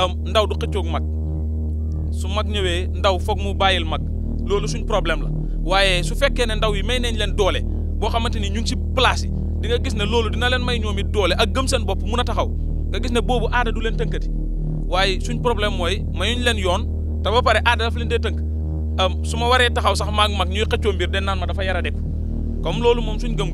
ndaw du xëccoog mag su mag ñëwee ndaw foog mu bàyyil mag loolu suñ problème la waaye su fekkee ne ndaw yi may nañ leen doole boo xamante ni ñu ngi si place yi di nga gis ne loolu dina leen may ñoom it doole ak gëm seen bopp mun a taxaw nga gis ne boobu aada du leen tënkati waaye suñ problème mooy mayuñ leen yoon te ba pare aada daf leen dee tënk su ma waree taxaw sax maag mag ñuy xëccoo mbir de naan ma dafa yara deku comme loolu moom suñ gëm